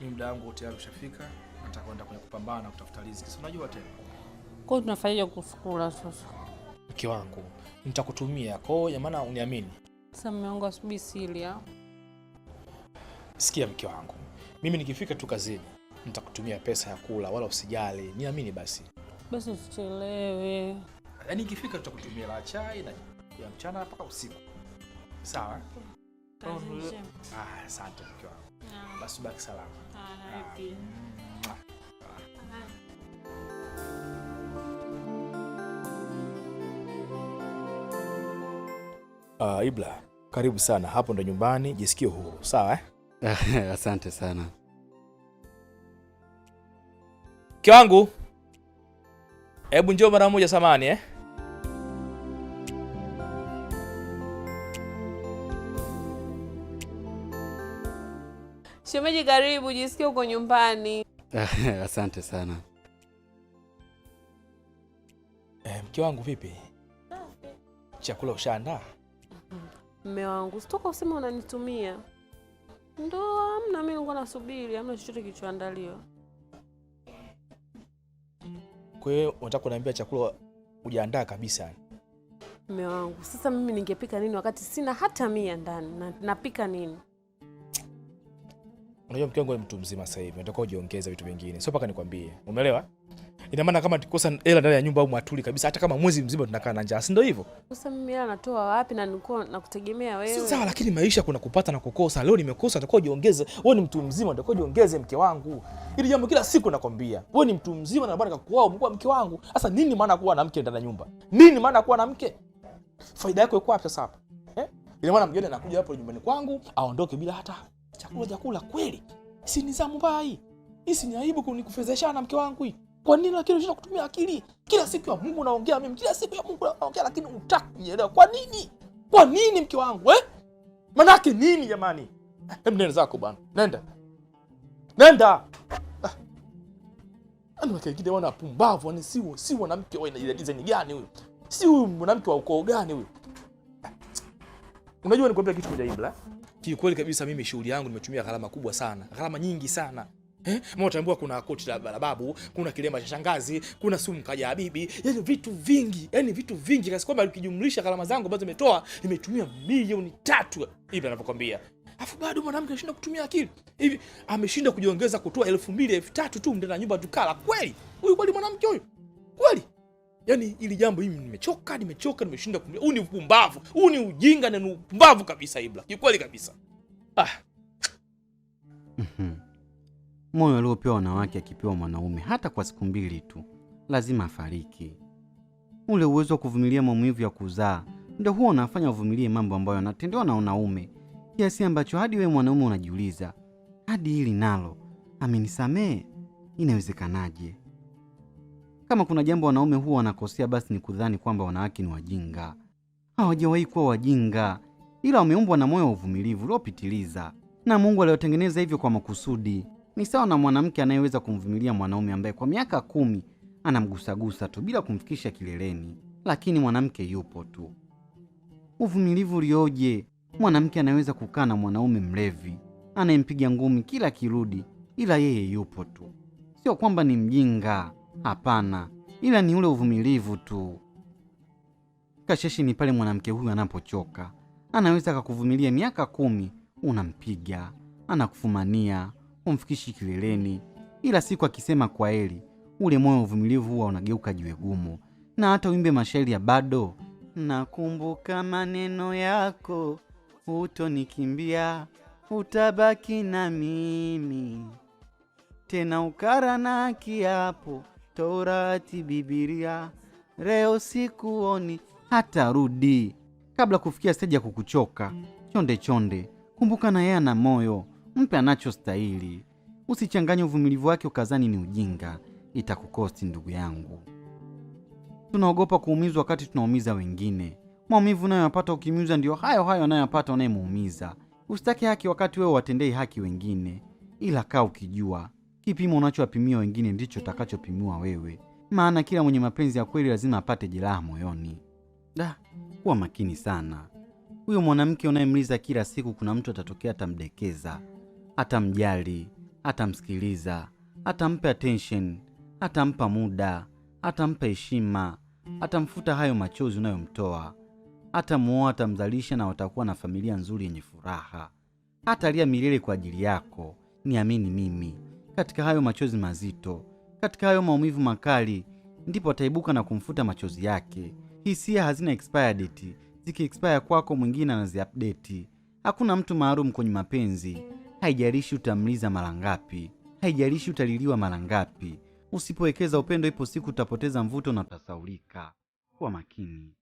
mimi muda wangu tayari ushafika, nataka kwenda kwenye kupambana na kutafuta riziki, si unajua tena. Kwa hiyo tunafanyaje kushukuru sasa? Mke wangu nitakutumia koo ya maana, uniamini. Sasa mume wangu asubuhi silia. Sikia mke wangu, mimi nikifika tu kazini nitakutumia pesa ya kula, wala usijali, niamini. Basi basi, usichelewe. Yaani nikifika tutakutumia la chai na ya mchana mpaka usiku, sawa? Ah, asante mke wangu. Ah. basi baki salama. Uh, Ibla, karibu sana hapo, ndo nyumbani, jisikie huru sawa eh? Asante sana kiwangu, hebu njoo mara moja samani eh? Shemeji, karibu, jisikie uko nyumbani. Asante sana. E, mke wangu vipi? Chakula ushaandaa? Mme wangu sitoka usema unanitumia. Ndo amna, mi nilikuwa nasubiri, amna chochote kilichoandaliwa. Kwa hiyo unataka kuniambia chakula hujaandaa kabisa? Mme wangu, sasa mimi ningepika nini wakati sina hata mia ndani? napika nini? Unajua mke wangu ni mtu mzima sasa hivi, nataka ujiongeze vitu vingine, sio mpaka nikwambie, umeelewa? Ina maana kama tukikosa hela ndani ya nyumba au mwatuli kabisa, hata kama mwezi mzima tunakaa na njaa, si ndio hivyo? Sasa mimi hela natoa wapi? na nilikuwa nakutegemea wewe. Sawa, lakini maisha kuna kupata na kukosa. Leo nimekosa, nataka ujiongeze. Wewe ni mtu mzima, nataka ujiongeze, mke wangu. Ili jambo kila siku nakwambia, wewe ni mtu mzima na bwana kakuoa, umekuwa mke wangu. Sasa nini maana kuwa na mke ndani ya nyumba? Nini maana kuwa na mke? Faida yako iko wapi sasa hapa? Eh? Ina maana mgeni anakuja hapo nyumbani kwangu, aondoke bila hata chakula chakula kweli, si nizamu mbaya hii? Hii si ni aibu kunikufezeshana na mke wangu hii. Kwa nini lakini unashinda kutumia akili? Kila siku ya Mungu naongea mimi, kila siku ya Mungu naongea, lakini hutaki kunielewa. Kwa nini? Kwa nini mke wangu eh? maana yake nini jamani? Eh, Hem, nenda zako bwana, nenda nenda. Ah, ana yaani wakingine wana pumbavu, ana yaani siwo si mwanamke wewe ina design gani huyo? Si huyu mwanamke wa ukoo gani huyo? Eh. Unajua nikwambia kitu moja ibla Kiukweli kabisa mimi shughuli yangu nimetumia gharama kubwa sana, gharama nyingi sana. Eh, mtambua kuna koti la barababu, kuna kilema cha shangazi, kuna sumu kaja bibi, yani vitu vingi, yani vitu vingi kasi kwamba ukijumlisha gharama zangu ambazo nimetoa, nimetumia milioni tatu hivi anavyokwambia. Afu bado mwanamke anashinda kutumia akili. Hivi ameshinda kujiongeza kutoa elfu mbili elfu tatu tu ndani ya nyumba tukala. Kweli? Huyu kweli mwanamke huyu? Kweli? yani ili jambo hili nimechoka, nimechoka, nimeshinda kumlia. Huu ni upumbavu, huu ni ujinga na ni upumbavu kabisa, Ibra, kikweli kabisa. Ah, mhm. moyo aliopewa wanawake akipewa mwanaume hata kwa siku mbili tu lazima afariki. Ule uwezo wa kuvumilia maumivu ya kuzaa ndio huwa unafanya uvumilie mambo ambayo yanatendewa na wanaume, kiasi ambacho hadi wewe mwanaume unajiuliza, hadi hili nalo amenisamee, inawezekanaje? Kama kuna jambo wanaume huwa wanakosea, basi ni kudhani kwamba wanawake ni wajinga. Hawajawahi kuwa wajinga, ila wameumbwa na moyo wa uvumilivu uliopitiliza na Mungu aliyotengeneza hivyo kwa makusudi. Ni sawa na mwanamke anayeweza kumvumilia mwanaume ambaye kwa miaka kumi anamgusagusa tu bila kumfikisha kileleni, lakini mwanamke yupo tu. Uvumilivu ulioje! Mwanamke anayeweza kukaa na mwanaume mlevi anayempiga ngumi kila kirudi, ila yeye yupo tu. Sio kwamba ni mjinga, Hapana, ila ni ule uvumilivu tu. Kasheshi ni pale mwanamke huyu anapochoka, anaweza akakuvumilia miaka kumi, unampiga anakufumania, umfikishi kileleni, ila siku akisema kwa eli ule moyo wa uvumilivu huwa unageuka jiwe gumu, na hata uimbe mashairi ya bado nakumbuka maneno yako, hutonikimbia utabaki na mimi tena, ukara na kiapo Torati, Bibilia, leo sikuoni hata rudi. Kabla kufikia steji ya kukuchoka chonde chonde, kumbuka na yeye ana moyo, mpe anachostahili. Usichanganye uvumilivu wake ukazani ni ujinga, itakukosti ndugu yangu. Tunaogopa kuumizwa wakati tunaumiza wengine. Maumivu unayoyapata ukimiuza ndio hayo hayo anayoyapata unayemuumiza. Usitake haki wakati wewe watendei haki wengine, ila kaa ukijua Kipimo unachowapimia wengine ndicho utakachopimiwa wewe, maana kila mwenye mapenzi ya kweli lazima apate jeraha moyoni. Da, kuwa makini sana. Huyo mwanamke unayemliza kila siku, kuna mtu atatokea atamdekeza, atamjali, atamsikiliza, atampa attention, atampa muda, atampa heshima, atamfuta hayo machozi unayomtoa, atamuoa atamzalisha na watakuwa na familia nzuri yenye furaha, hatalia milele kwa ajili yako. Niamini mimi katika hayo machozi mazito, katika hayo maumivu makali, ndipo ataibuka na kumfuta machozi yake. Hisia hazina expire date, zikiexpire kwako mwingine anaziupdate. Hakuna mtu maalum kwenye mapenzi. Haijalishi utamliza mara ngapi, haijalishi utaliliwa mara ngapi, usipowekeza upendo, ipo siku utapoteza mvuto na utasaulika. Kuwa makini.